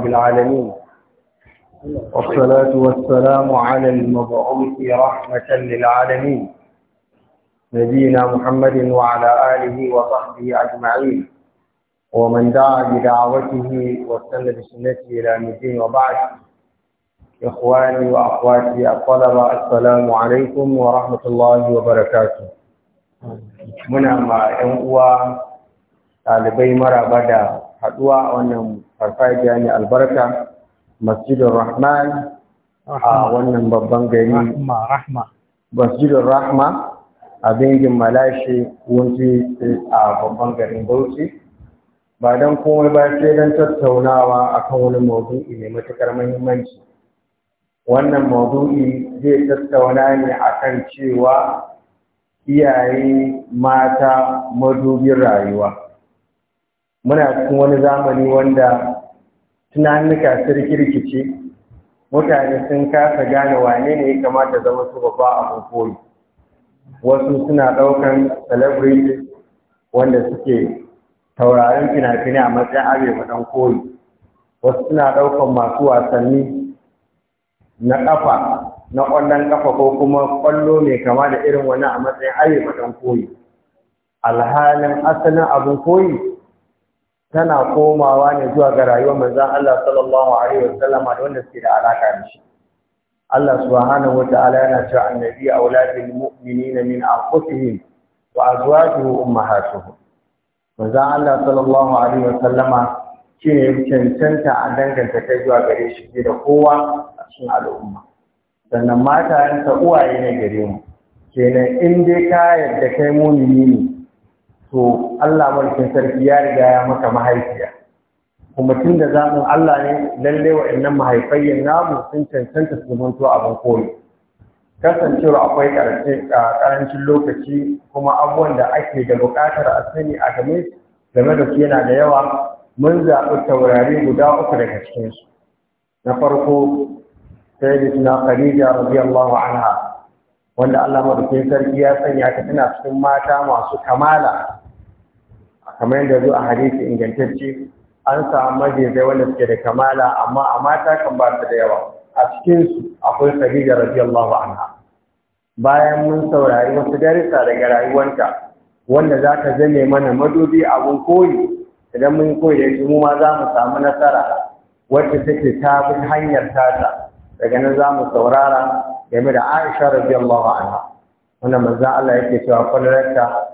رب العالمين والصلاة والسلام على المبعوث رحمة للعالمين نبينا محمد وعلى آله وصحبه أجمعين ومن دعا بدعوته واستنى بسنته إلى مدين وبعد إخواني وأخواتي الطلبة السلام عليكم ورحمة الله وبركاته muna ma 'yan uwa مرة بدا حدوى haɗuwa farfajiya ne albarka masjidin rahman a wannan babban gari masjidin rahma a bingin malashe eh, a babban garin bauchi ba don komai ba ce don tattaunawa akan wani maudu'i mai matuƙar mahimmanci wannan maudu'i zai tattauna ne akan cewa iyaye mata madubin rayuwa muna cikin wani zamani wanda tunanuka sun kirkice mutane sun kasa gane wane ne ya kamata zama su babba a koyi wasu suna ɗaukan celebrity wanda suke taurarin fina-finai a matsayin arewa ɗan koyi wasu suna ɗaukan masu wasanni na ƙafa na ƙwallon ƙafa ko kuma ƙwallo mai kama da irin wani a matsayin arewa ɗan koyi alhalin asalin abin koyi tana komawa ne zuwa ga rayuwar manzon Allah sallallahu alaihi wasallam da wanda suke da alaka da shi Allah subhanahu wataala yana cewa annabi auladul mu'minina min anfusihim wa azwajuhu ummahatuhum manzon Allah sallallahu alaihi wasallama shine cancanta a danganta kai zuwa gare shi da kowa a cikin al'umma sannan ta uwaye ne gare mu kenan in dai ka yarda kai mumini ne to Allah mulkin sarki ya riga ya maka mahaifiya kuma tun da zamun Allah ne lalle wa innan mahaifayyan namu sun cancanta su zamanto abin koyi kasancewa akwai karancin lokaci kuma abubuwan da ake da buƙatar a sani a game game da su yana da yawa mun zaɓi taurari guda uku daga cikinsu na farko sayyidatuna khadija radiyallahu anha wanda Allah madaukakin sarki ya sanya ta tana cikin mata masu kamala kamar yadda zo a hadisi ingantacce an samu majizai wanda suke da kamala amma a mata kan ba su da yawa a cikinsu akwai khadija radiyallahu anha bayan mun saurari wasu darisa daga rayuwanta wanda za ka zame mana madubi abun koyi idan mun koyi da shi mu ma za mu samu nasara wacce take ta bi hanyar tata daga nan za mu saurara game da Aisha radiyallahu anha wanda maza Allah yake cewa kullarta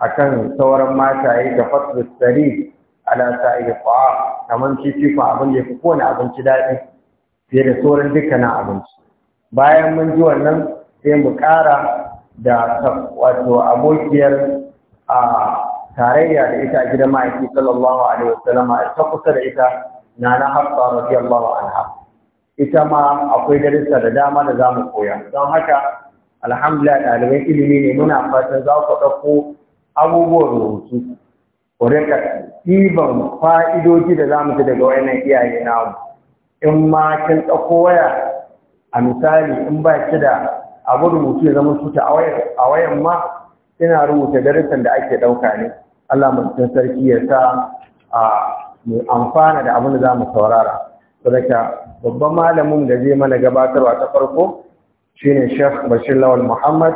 akan sauran mataye da fasu sari ala iya fa'a kamar fifikon abin da ya fi kowane abinci daɗi fiye da sauran dukkanin abinci bayan mun ji wannan sai mu ƙara da wato abokiyar a tarayya da ita a gidan ma'aiki sallallahu alaihi wasallam ta kusa da ita na na hafsa radiyallahu anha ita ma akwai darussa da dama da zamu koya don haka alhamdulillah ɗaliban ilimi ne muna fatan za ku ɗauko abubuwan rubutu ku rika ɗiban fa'idoji da za mu ci daga wayannan iyaye namu in ma kin ɗauko waya a misali in ba ki da abu rubutu ya zama cuta a wayan ma ina rubuta darussan da ake ɗauka ne Allah mutum sarki ya sa a mu amfana da abin da za mu saurara saboda babban malamin da zai mana gabatarwa ta farko shine Sheikh Bashir Lawal Muhammad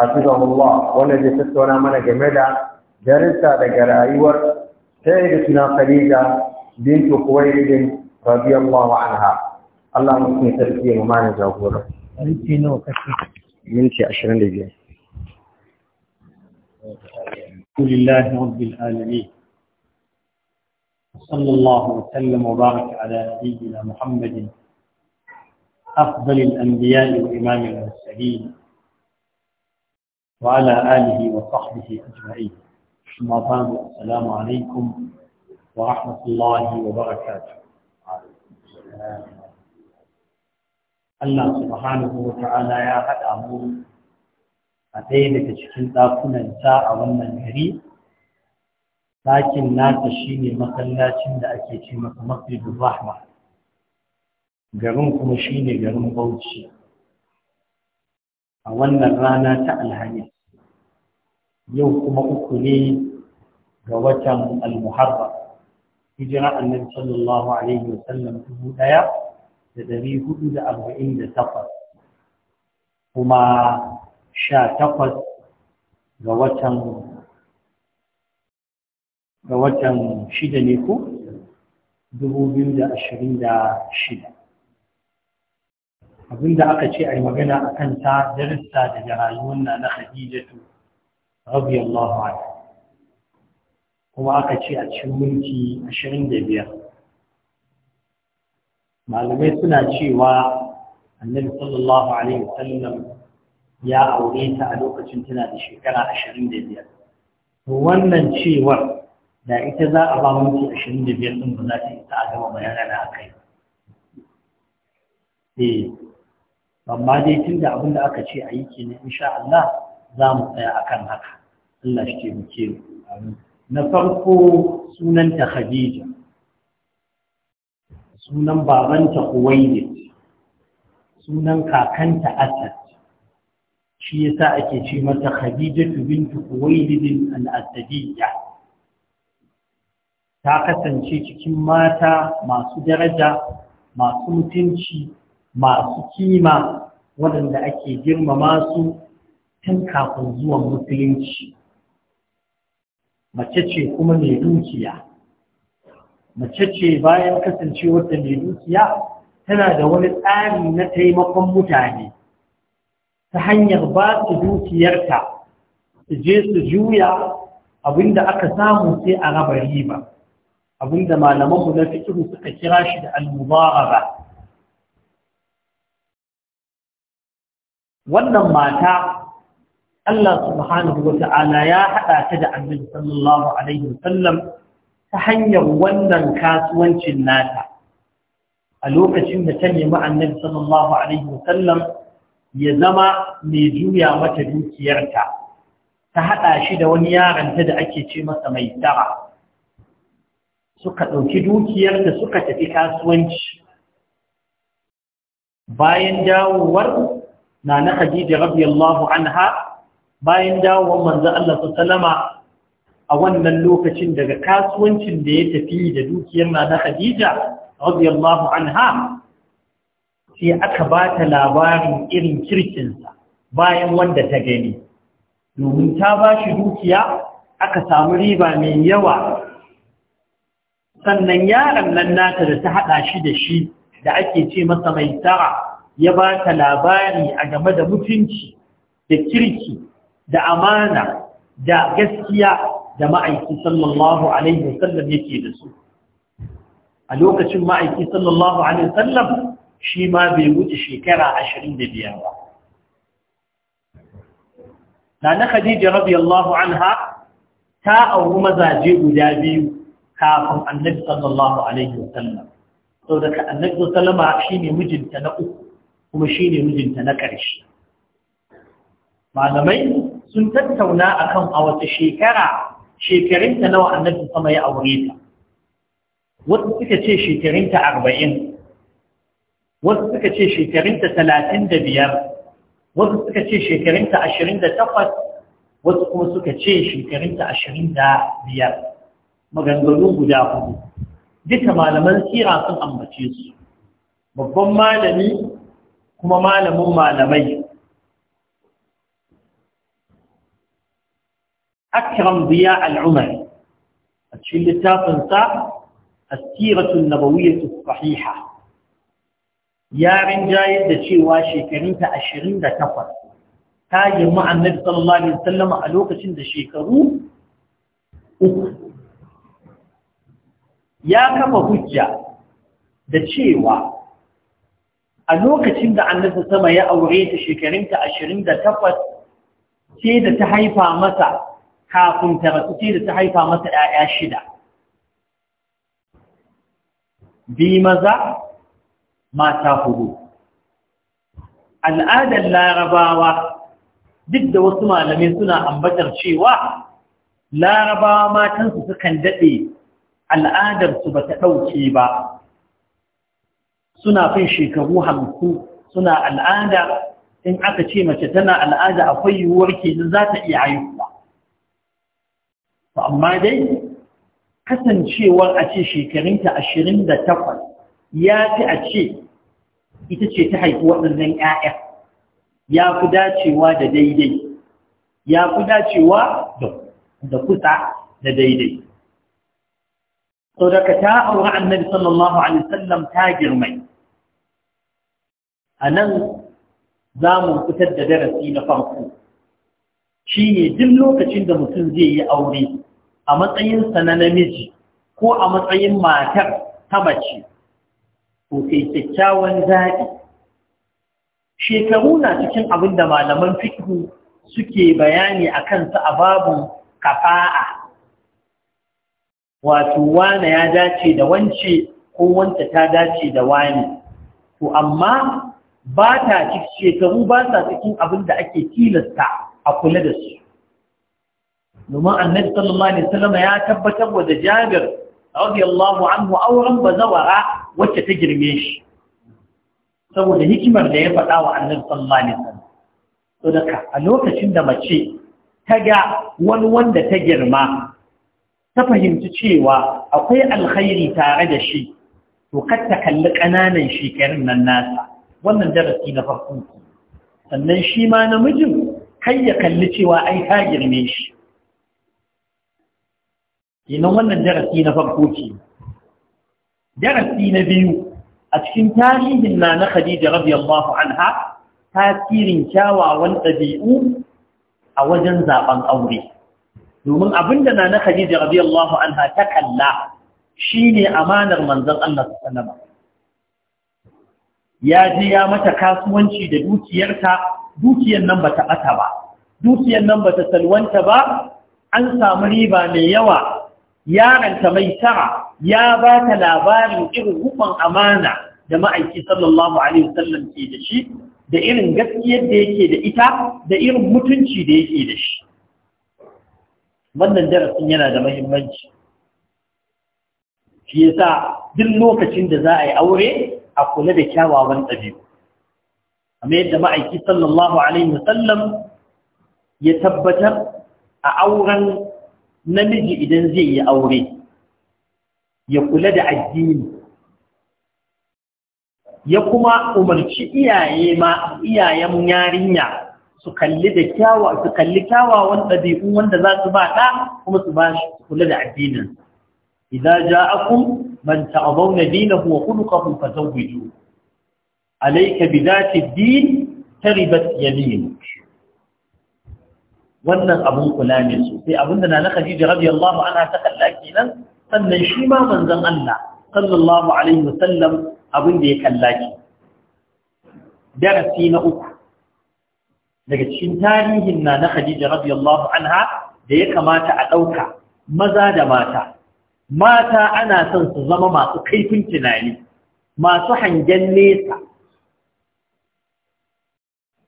حفظه الله وانا جسدت وانا منا جميلة جرسة دقر ايور سيدتنا خليجة بنت قويل رضي الله عنها الله مسمي تركيه ومانا جاوبوره من عشرين لجين قول الله رب العالمين صلى الله وسلم وبارك على نبينا محمد أفضل الأنبياء وإمام المرسلين وعلى آله وصحبه أجمعين ثم بعد السلام عليكم ورحمة الله وبركاته Allah subhanahu wa ta'ala ya haɗa mu a ɗaya daga cikin ɗakunanta a wannan gari ɗakin nata shine masallacin da ake ce masa masjidul rahma garin kuma shine garin bauchi a wannan rana ta alhamis yau kuma uku ne ga watan almuharra hijira annabi sallallahu alaihi wa sallam dubu daya da dari hudu da arba'in da takwas kuma sha takwas ga watan ga watan shida ne ko dubu biyu da ashirin da shida abinda aka ce a yi magana a kan ta darussa daga rayuwar na na hadijatu radiyallahu anha kuma aka ce a cikin mulki ashirin da biyar malamai suna cewa annabi sallallahu alaihi wasallam ya aure ta a lokacin tana da shekara ashirin da biyar wannan cewar da ita za a ba minti ashirin da biyar ɗin ba za ta isa a gama bayanan a kai amma dai tun da abin da aka ce a yi ke insha Allah za mu tsaya akan haka Allah shi taimake mu na farko sunanta Khadija sunan babanta Huwailid sunan kakanta Asad shi yasa ake ce mata Khadijatu bintu Huwailid al-Asadiyya ta kasance cikin mata masu daraja masu mutunci masu kima waɗanda ake girmama su tun kafin zuwan musulunci mace ce kuma mai dukiya mace ce bayan kasancewarta da mai dukiya tana da wani tsari na taimakon mutane ta hanyar ba su dukiyarta su je su juya abinda aka samu sai a raba riba abinda malamanmu na fikiru suka kira shi da almubaraba wannan mata Allah subhanahu ya haɗa ta da annabi sallallahu alaihi wasallam ta hanyar wannan kasuwancin nata a lokacin da ta nemi annabi sallallahu alaihi wasallam ya zama mai juya mata dukiyarta ta haɗa shi da wani ta da ake ce masa mai tara suka ɗauki dukiyarta suka tafi kasuwanci bayan dawowar na na Khadija radiyallahu anha bayan dawowar manzo Allah sallama a wannan lokacin daga kasuwancin da ya tafi da dukiyar na na Khadija radiyallahu anha sai aka ba ta labarin irin kirkinsa bayan wanda ta gani domin ta ba shi dukiya aka samu riba mai yawa sannan yaron nan nata da ta haɗa shi da shi da ake ce masa mai tara ya ba ka labari a game da mutunci da kirki da amana da gaskiya da ma'aiki sallallahu alaihi wasallam yake da su a lokacin ma'aiki sallallahu alaihi wasallam shi ma bai wuce shekara ashirin da biyar ba Nana Khadija radiyallahu anha ta auri mazaje guda biyu kafin Annabi sallallahu alaihi wasallam saboda Annabi sallallahu alaihi wasallama ne mijinta na uku kuma shi ne mijinta na ƙarshe malamai sun tattauna a kan a wata shekara shekarunta nawa annabi sama ya aure ta wasu suka ce shekarunta arba'in wasu suka ce shekarunta talatin da biyar wasu suka ce shekarunta ashirin da takwas wasu kuma suka ce shekarunta ashirin da biyar maganganu guda hudu duka malaman sira sun ambace su babban malami kuma malamin malamai akram biya al'umar a cikin littafinsa asiratun nabawiyyatu sahiha ya rinjayar da cewa shekarunta ashirin da takwas ta girma annabi sallallahu alaihi a lokacin da shekaru uku ya kafa hujja da cewa a lokacin da annabi sama ya aure ta shekarunta ashirin da takwas sai da ta haifa masa kafin ta rasu sai da ta haifa masa ‘ya'ya shida bi maza mata hudu al'adar larabawa duk da wasu malamai suna ambatar cewa larabawa matansu sukan daɗe al'adarsu ba ta ɗauke ba suna fin shekaru hamsin suna al'ada in aka ce mace tana al'ada akwai yiwuwar kenan za ta iya haihuwa amma dai kasancewar a ce shekarunta ashirin da takwas ya fi a ce ita ce ta haifi waɗannan 'ya'ya ya fi dacewa da daidai ya fi dacewa da kusa da daidai sau daga ta auri annabi sallallahu alaihi wasallam ta girmai a nan za mu fitar da darasi na farko shi ne duk lokacin da mutum zai yi aure a matsayinsa na namiji ko a matsayin matar ta mace ko kai kyakkyawan zaɓi shekaru na cikin abin da malaman fikihu suke bayani a kansa a babu kafa'a wato wane ya dace da wance ko wanta ta dace da wani to amma ba ta shekaru ba sa cikin abin da ake tilasta a kula da su domin annabi sallallahu alaihi wasallam ya tabbatar wa da Jabir radiyallahu anhu auren bazawara wacce ta girme shi saboda hikimar da ya faɗa wa annabi sallallahu alaihi wasallam to a lokacin da mace ta ga wani wanda ta girma ta fahimci cewa akwai alkhairi tare da shi to kar ta kalli ƙananan shekarun nan nasa wannan darasi na farko sannan shi ma namijin kai ya kalli cewa ai ta girme shi kenan wannan darasi na farko ce darasi na biyu a cikin tarihin na na Khadija radiyallahu anha tasirin kyawawan ɗabi'u a wajen zaben aure domin abinda na na Khadija radiyallahu anha ta kalla shine amanar manzon Allah sallallahu alaihi wasallam ya je ya mata kasuwanci da dukiyarta dukiyar nan ba bata ɓata ba dukiyar nan ba ta salwanta ba an samu riba mai yawa yaranta mai tara ya ba ta labarin irin hukun amana da ma'aiki sallallahu alaihi wasallam ke da shi da irin gaskiyar da yake da ita da irin mutunci da yake da shi wannan darasin yana da muhimmanci shi yasa duk lokacin da za a yi aure a kula da kyawawan ɗabi'u kamar yadda ma'aiki sallallahu alaihi wasallam ya tabbatar a auren namiji idan zai yi aure ya kula da addini ya kuma umarci iyaye ma iyayen yarinya su kalli da kyawa su kalli kyawawan ɗabi'u wanda za su ba ɗa kuma su ba shi kula da addinin idza ja'akum man ta'dhawna dinahu wa khuluquhu fazawwiju alayka bi dhati ad-din taribat yaminuk wannan abun kula ne sosai abinda na na Khadija radiyallahu anha ta kalla kenan sannan shi ma manzon Allah sallallahu alaihi wasallam abinda ya kalla ki darasi na uku daga cikin tarihin na na Khadija radiyallahu anha da ya kamata a dauka maza da mata mata ana son su zama masu kaifin tunani masu hangen nesa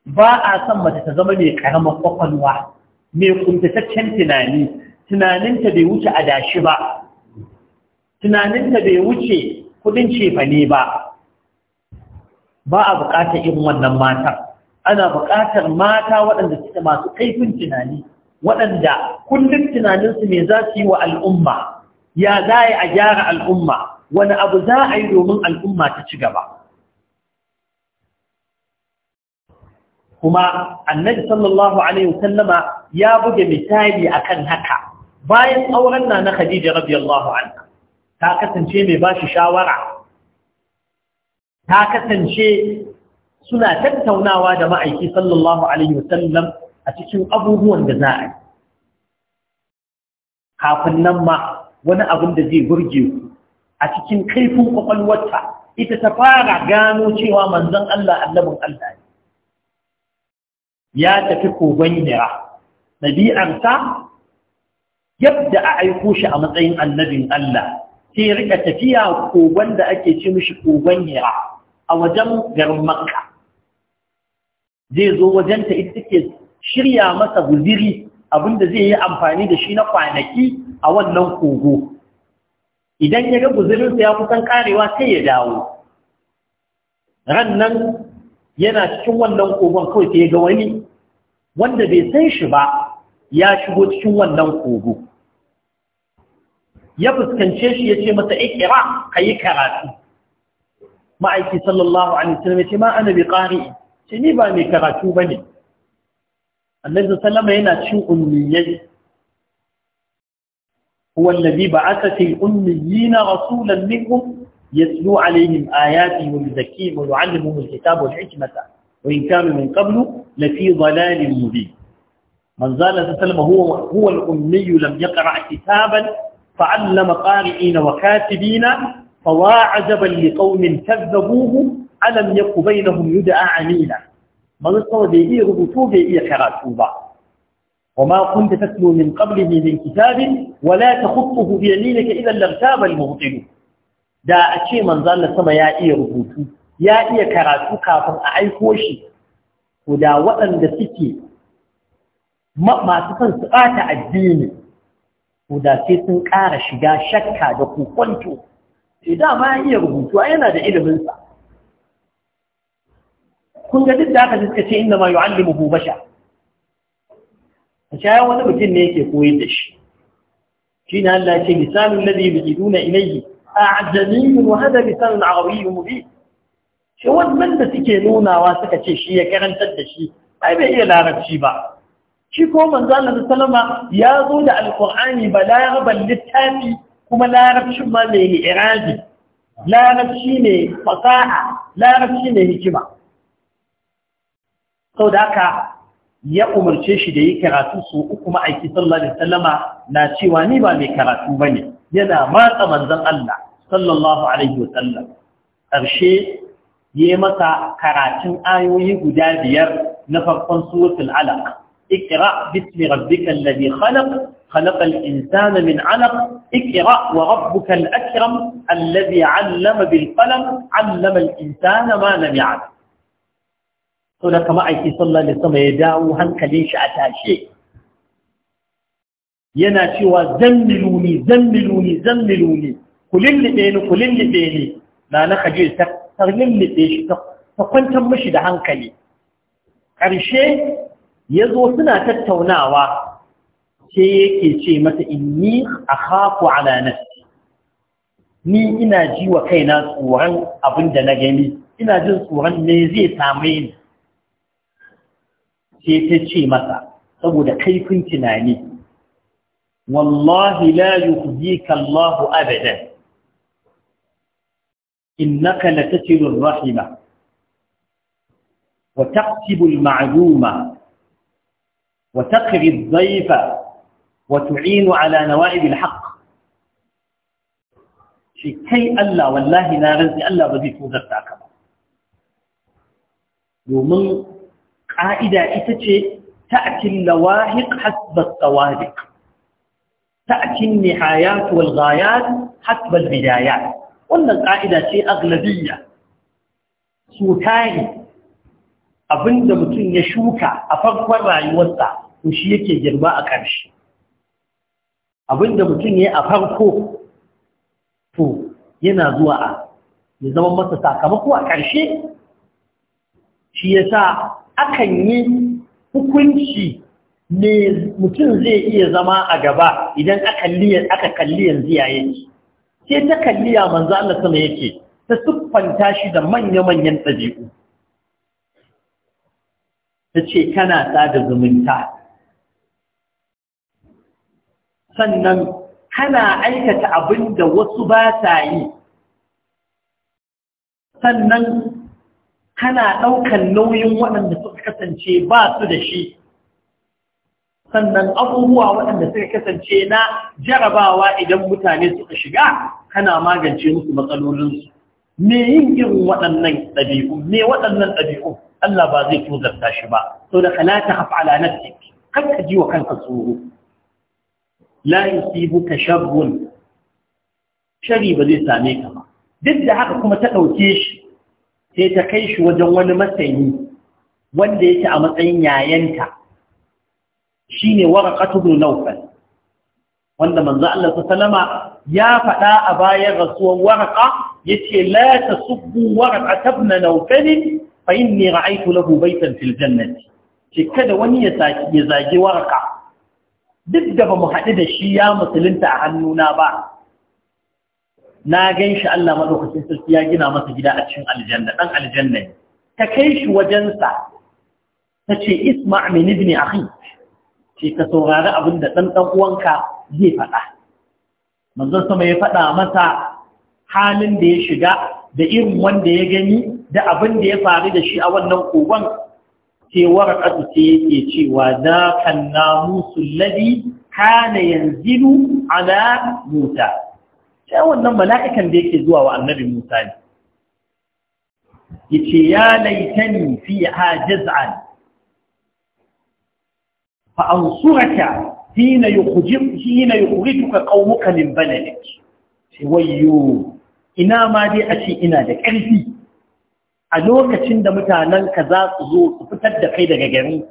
ba a son mace ta zama mai karamar kwakwalwa mai kuntataccen tunani tunaninta bai wuce adashi ba tunaninta bai wuce kudin cefane ba ba a bukatar irin wannan matar ana bukatar mata waɗanda suke masu kaifin tunani waɗanda kullum tunaninsu mai za su yi wa al'umma ya za a gyara al'umma wani abu za a yi domin al'umma ta ci gaba kuma annabi sallallahu alaihi wasallama ya buge misali akan haka bayan auren na na Khadija radiyallahu anha ta kasance mai bashi shawara ta kasance suna tattaunawa da ma'aiki sallallahu alaihi wasallam a cikin abubuwan da za a yi kafin nan ma wani abin da zai burge ku a cikin kaifin kwakwalwarta ita ta fara gano cewa manzon Allah annabin Allah ne ya tafi kogon nira ɗabi'arsa yadda a aiko shi a matsayin annabin Allah sai rika tafiya kogon da ake ce mishi kogon nira a wajen garin makka zai zo wajenta ita take shirya masa guziri abin da zai yi amfani da shi na kwanaki a wannan kogo idan ya ga guzurinsa ya kusan karewa sai ya dawo rannan yana cikin wannan kogon kawai sai ya ga wani wanda bai san shi ba ya shigo cikin wannan kogo ya fuskance shi ya ce masa ikira ka yi karatu ma'aiki sallallahu alaihi wasallam ya ce ma ana bi ƙari ce ni ba mai karatu bane النبي صلى الله عليه وسلم هنا شو ummiyai هو الذي بعث في الأميين رسولا منهم يتلو عليهم آياته ويزكيهم ويعلمهم الكتاب والحكمة وإن كانوا من قبل لفي ضلال مبين من زال سلم هو هو الأمي لم يقرأ كتابا فعلم قارئين وكاتبين فوا عجبا لقوم كذبوه ألم يك بينهم يدعى عميلا manzo sama bai iya rubutu bai iya karatu ba وما كنت تتلو من قبله من كتاب ولا تخطه بيمينك إذا لارتاب المبطلون da a ce manzan sama ya iya rubutu ya iya karatu kafin a aiko shi ko da waɗanda suke masu son su ɓata addini ko da sai sun ƙara shiga shakka da kokonto sai eh, dama ya iya rubutu yana da iliminsa kun ga duk da aka suka ce inda ma yu'allimuhu basha a shaya wani mutum ne yake koyar da shi shi ne Allah ce misalin ladhi yuqiduna ilayhi a'jami wa hada misalun arabiyyun mubin shi wannan da suke nunawa suka ce shi ya karantar da shi ai bai iya larabci ba shi ko manzo Allah sallama ya zo da alqur'ani balaraban littafi kuma larabcin ma mai irabi larabci ne fasaha larabci ne hikima sau da haka ya umarce shi da yi karatu su uku ma'aiki sallallahu alaihi wasallama na cewa ni ba mai karatu ba ne yana matsa manzan Allah sallallahu alaihi wasallam ƙarshe ya yi masa karatun ayoyi guda biyar na farkon suratul alaq اقرأ باسم ربك الذي خلق خلق الإنسان من علق اقرأ وربك الأكرم الذي علم بالقلم علم الإنسان ما لم يعلم sau da kama aiki sallallahu alaihi sama ya dawo hankalin shi a tashe yana cewa zammiluni zammiluni zammiluni ku lullube ni ku lullube ni na na kaje ta lullube shi ta kwantar da hankali ƙarshe ya zo suna tattaunawa sai yake ce mata inni a haku ala ni ina ji wa kaina tsoron abin da na gani ina jin tsoron me zai same ni sai ta ce masa saboda kaifin tunani wallahi la yukhzika Allah abadan innaka latasilu rahima wa taqtibu al-ma'luma wa taqri ad-dayfa wa tu'inu ala nawa'ib al-haqq shi kai Allah wallahi na rantsi Allah ba zai tozarta ka ba domin ƙa'ida ita ce ta'akin lawahik hasbas tsawadik ta'akin nihayat wal ghayat hasbal bidayat wannan ƙa'ida ce aglabiya su tari abinda mutum ya shuka a farkon rayuwarsa ko shi yake girma a ƙarshe abinda mutum ya a farko to yana zuwa a ya zama masa sakamako a ƙarshe shi ya sa akan yi hukunci ne mutum zai iya zama a gaba idan aka kalli yanzu yayin sai ta kalli kalliya manzo Allah sama yake ta siffanta shi da manya-manyan ɗabi'u ta ce kana tsada zumunta sannan kana aikata abin da wasu ba sa yi sannan kana ɗaukan nauyin waɗanda suka kasance ba su da shi sannan abubuwa waɗanda suka kasance na jarabawa idan mutane suka shiga kana magance musu matsalolinsu me yin irin waɗannan ɗabi'u me waɗannan ɗabi'u Allah ba zai tozarta shi ba so da la tahaf ala kar ka ji wa kanka tsoro la yusibuka sharrun shari ba zai same ka ba duk da haka kuma ta ɗauke shi sai ta kai shi wajen wani masani wanda ci a matsayin yayanta shine waraqatu bin nawfal wanda manzo Allah salama ya faɗa a bayan rasuwar waraka yace lata subu waraqata ibn nawfal fa inni ra'aytu lahu baytan fil jannati ce kada wani ya zagi ya zage waraka duk da ba mu haɗu da shi ya musulunta a hannuna ba na gan shi Allah maɗaukacin sarki ya gina masa gida a cikin aljanna ɗan aljanna ne ta kai shi wajensa ta ce isma min ibn akhi ce ka saurari abin da ɗan ɗan uwanka zai faɗa manzon sama ya faɗa masa halin da ya shiga da irin wanda ya gani da abin da ya faru da shi a wannan kogon cewar warqatu ce yake cewa za kan namusul ladhi kana yanzilu ala muta sai wannan mala'ikan da yake zuwa wa annabi Musa ne yace ya laitani surata jaz'an fa ansuraka hina yukhrijum hina yukhrijuka qaumuka min baladik sai wayo ina ma dai a ce ina da ƙarfi a lokacin da mutanenka za su zo su fitar da kai daga gari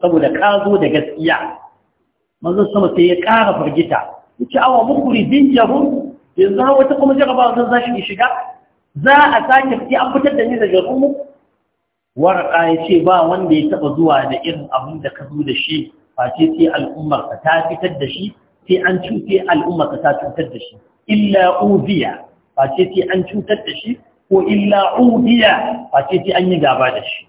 saboda ka zo da gaskiya manzon sama sai ya ƙara fargita, yace awa mukhrij jarun yanzu har wata kuma jaraba zan za shi shiga za a sake fi an fitar da ni daga kuma waraka ya ce ba wanda ya taba zuwa da irin abin da ka zo da shi face sai al'ummar ka ta fitar da shi sai an cuce al'ummar ka ta cutar da shi illa uziya face sai an cutar da shi ko illa uziya face sai an yi gaba da shi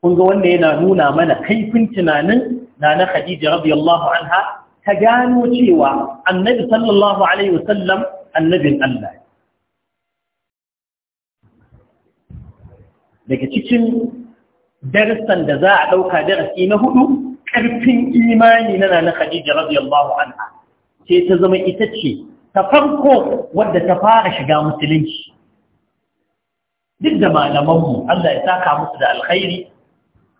kun ga wanda yana nuna mana kaifin tunanin na na Khadija radiyallahu anha ta gano cewa annabi sallallahu alaihi wasallam annabin Allah daga cikin darussan da za a ɗauka darasi na hudu ƙarfin imani na na Khadija radiyallahu anha ce ta zama ita ce ta farko wadda ta fara shiga musulunci duk da malamanmu Allah ya saka musu da alkhairi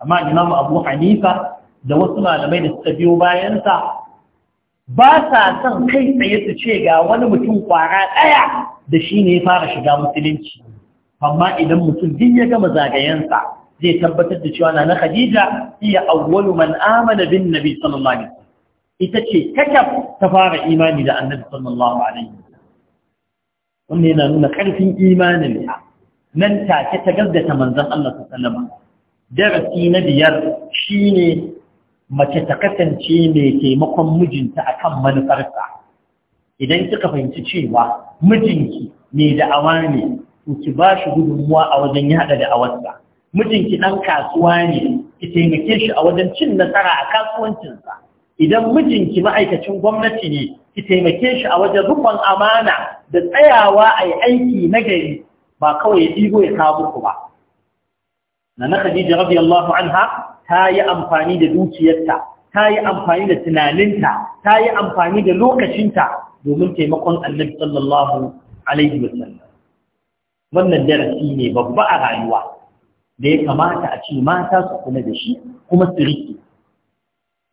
amma imamu Abu Hanifa da wasu malamai da suka biyo bayansa ba sa son kai tsaye su ce ga wani mutum kwara ɗaya da shi ne ya fara shiga musulunci amma idan mutum din ya gama zagayensa zai tabbatar da cewa na Khadija iya awwalu man amana bin Nabi sallallahu alaihi wasallam ita ce kakaf ta fara imani da Annabi sallallahu alaihi wasallam wannan yana nuna karfin imanin ta nan take ta gaddata manzon Allah sallallahu alaihi wasallam darasi na biyar shine mace ta kasance mai taimakon mijinta akan manufarsa idan kika fahimci cewa mijinki mai da'awa ne to ki ba shi gudunmuwa a wajen da da'awarsa mijinki ɗan kasuwa ne ki taimake shi a wajen cin nasara a kasuwancinsa idan mijinki ma'aikacin gwamnati ne ki taimake shi a wajen rukun amana da tsayawa a yi aiki na gari ba kawai ya ɗigo ya kawo muku ba na Khadija radiyallahu anha ta yi amfani da dukiyarta ta yi amfani da tunaninta ta yi amfani da lokacinta domin taimakon annabi sallallahu alaihi wasallam wannan darasi ne babba a rayuwa da ya kamata a ce mata su kula da shi kuma su riƙe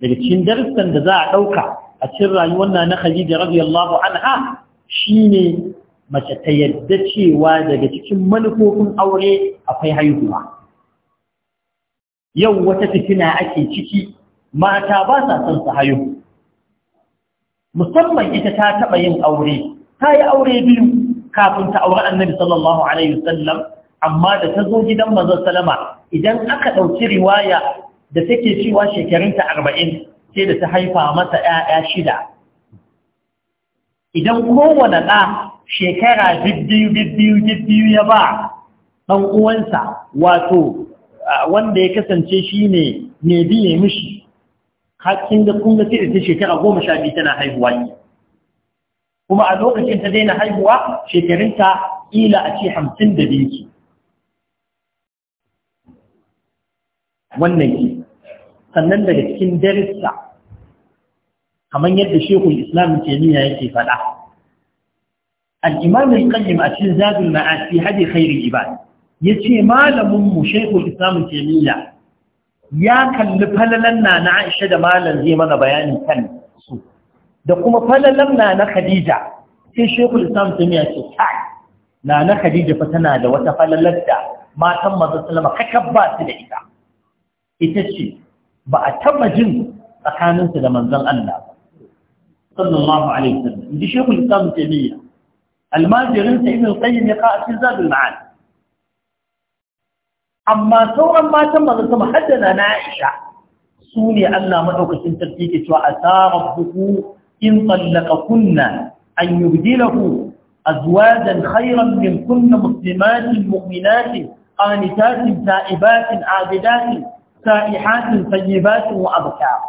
daga cikin darussan da za a ɗauka a cikin rayuwar na na Khadija radiyallahu anha shine mace ta yadda cewa daga cikin manufofin aure akwai haihuwa yau wata fitina ake ciki mata ba sa son su hayo musamman ita ta taɓa yin aure ta yi aure biyu kafin ta auri annabi sallallahu alaihi wasallam amma da ta zo gidan manzon salama idan aka ɗauki riwaya da take cewa shekarunta arba'in sai da ta haifa masa ‘ya'ya shida idan kowane ɗa shekara bibbiyu bibbiyu bibbiyu ya ba ɗan uwansa wato wanda ya kasance shi ne mai biye mishi hakkin da kun ga ta shekara goma sha biyu tana haihuwa ne kuma a lokacin ta daina haihuwa shekarunta ila a ce hamsin da biyu ce wannan ke sannan daga cikin darissa kamar yadda shekul islam taimiyya yake faɗa al'imamin ƙayyim a cikin zabin ma'asi hadi khairi ibad ya ce malaminmu shekul islamun taimiyya ya kalli falalan na na aisha da malam zai mana bayanin kan su da kuma falalan na na khadija sai shekul islamun taimiyya ce kai na na khadija fa tana da wata falalar da matan maza salama kakab ba su da ita ita ce ba a taba jin tsakaninsu da manzan Allah sallallahu alaihi wasallam inji shekul islamun taimiyya almajirin sa ibn qayyim ya ka a cikin zabul ma'ad amma sauran matan manzo sama haddana na Aisha su ne Allah madaukakin sarki ke cewa asarabbuku in kunna an yubdilahu azwajan khayran min kunna muslimatin mu'minatin qanitatin ta'ibatin abidatin sa'ihatin tayyibatin wa abkar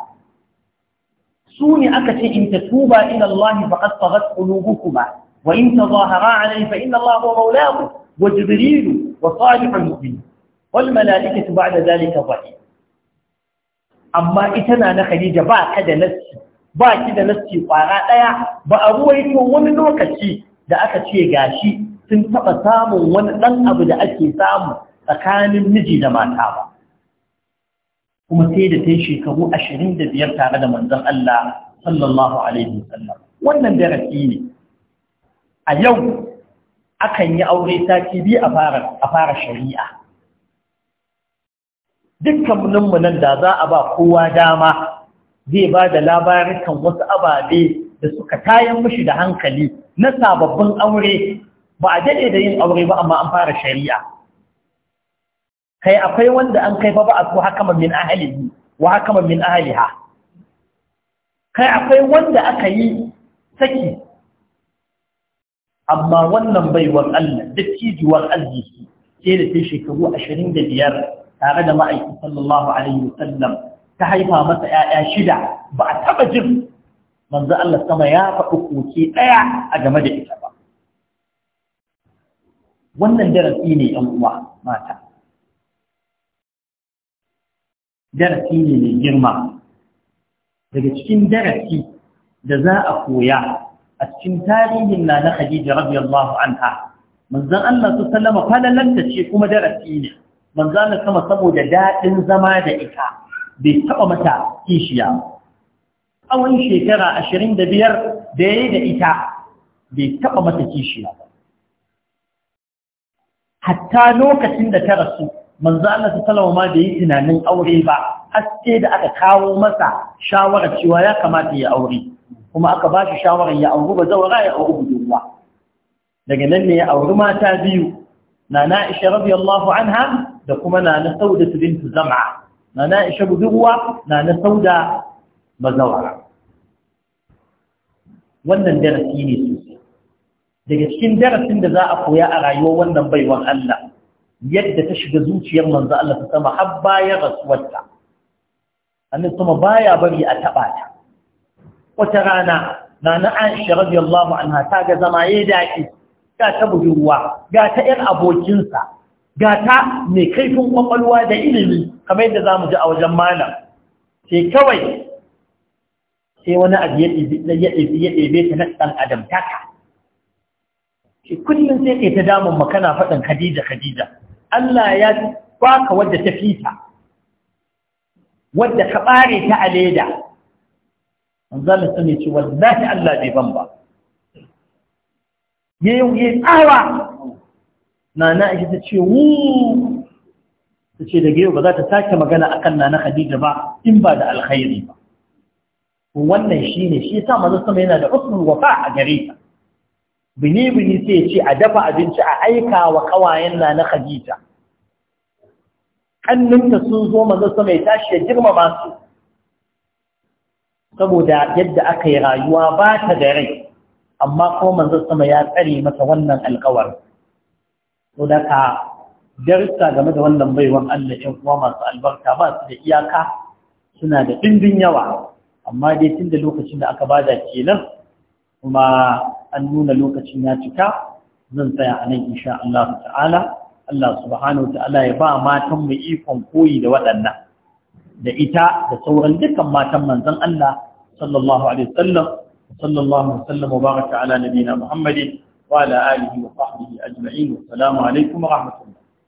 su ne aka ce in tatuba ila Allah faqad taghat qulubukuma wa in tazahara alayhi fa inna Allah huwa mawlaakum wa jibril wa salihul mu'minin wal mala'ikatu ba'da zalika zahir amma ita na na Khadija ba ka da nassi ba ki da nassi kwara daya ba a ruwaito wani lokaci da aka ce gashi sun taba samun wani dan abu da ake samu tsakanin miji da mata ba kuma sai da tai shekaru 25 tare da manzon Allah sallallahu alaihi wasallam wannan darasi ne a yau akan yi aure sati biyu a fara shari'a dukkanin mu nan da za a ba kowa dama zai ba da labarikan wasu ababe da suka tayan mishi da hankali na sababbin aure ba a daɗe da yin aure ba amma an fara shari'a kai akwai wanda an kai fa ba a so hakaman min ahalihi wa hakaman min ahaliha kai akwai wanda aka yi saki amma wannan baiwar Allah dattijuwar arziki ke da sai shekaru ashirin da biyar tare da ma'aiki sallallahu alaihi wasallam ta haifa masa 'ya'ya shida ba a taɓa jin manzo Allah sama ya faɗi koke ɗaya a game da ita ba wannan darasi ne uwa mata darasi ne mai girma daga cikin darasi da za a koya a cikin tarihin na na Khadija radiyallahu anha manzon Allah su sallama falalanta ce kuma darasi ne manzo Allah sama saboda daɗin zama da ita bai taɓa mata kishiya tsawon shekara ashirin da biyar da da ita bai taɓa mata kishiya hatta lokacin da ta rasu manzo Allah sallallahu ma da yi tunanin aure ba haske da aka kawo masa shawarar cewa ya kamata ya aure kuma aka ba shi shawarar ya auri ba zaura ya auri budurwa daga nan ne ya auri mata biyu na na'isha radiyallahu anha da kuma na na sauda bintu zama na na isha budurwa na na sauda bazawara wannan darasi ne sosai daga cikin darasin da za a koya a rayuwar wannan baiwan Allah yadda ta shiga zuciyar manzo Allah ta sama har bayan rasuwarta annabi sama baya bari a taɓa ta wata rana nana Aisha radiyallahu anha ta ga zama yayi daki ga ta budurwa ga ta yar abokinsa gata mai kaifin kwakwalwa da ilimi kamar yadda za mu ji a wajen malam sai kawai sai wani abu ya ɗebe ta na ɗan adam taka kullum sai ke ta damun makana faɗin khadija khadija Allah ya baka wadda ta fita wadda ka ɓare ta a leda zama yi ne za shi Allah bai ban ba yayin yi tsawa nana aisha ta ce wu ta ce daga yau ba za ta sake magana akan nana khadija ba in ba da alkhairi ba wannan shine shi yasa manzo sama yana da usul wafa a gare ta bini bini sai ce a dafa abinci a aika wa kawayen nana khadija hannunta sun zo manzo sama ya tashi ya girmama su saboda yadda aka yi rayuwa ba ta da rai amma ko manzo sama ya tsare mata wannan alƙawarin to da darsa game da wannan baiwan Allah ɗin kuma masu albarka ba su da iyaka suna da ɗimbin yawa amma dai tun da lokacin da aka bada kenan kuma an nuna lokacin ya cika zan tsaya a nan insha Allah ta'ala Allah subhanahu ta'ala ya ba matan mu ikon koyi da waɗannan da ita da sauran dukkan matan manzon Allah sallallahu alaihi wasallam sallallahu alaihi wasallam wa baraka ala nabiyina Muhammadin وعلى آله وصحبه أجمعين والسلام عليكم ورحمة الله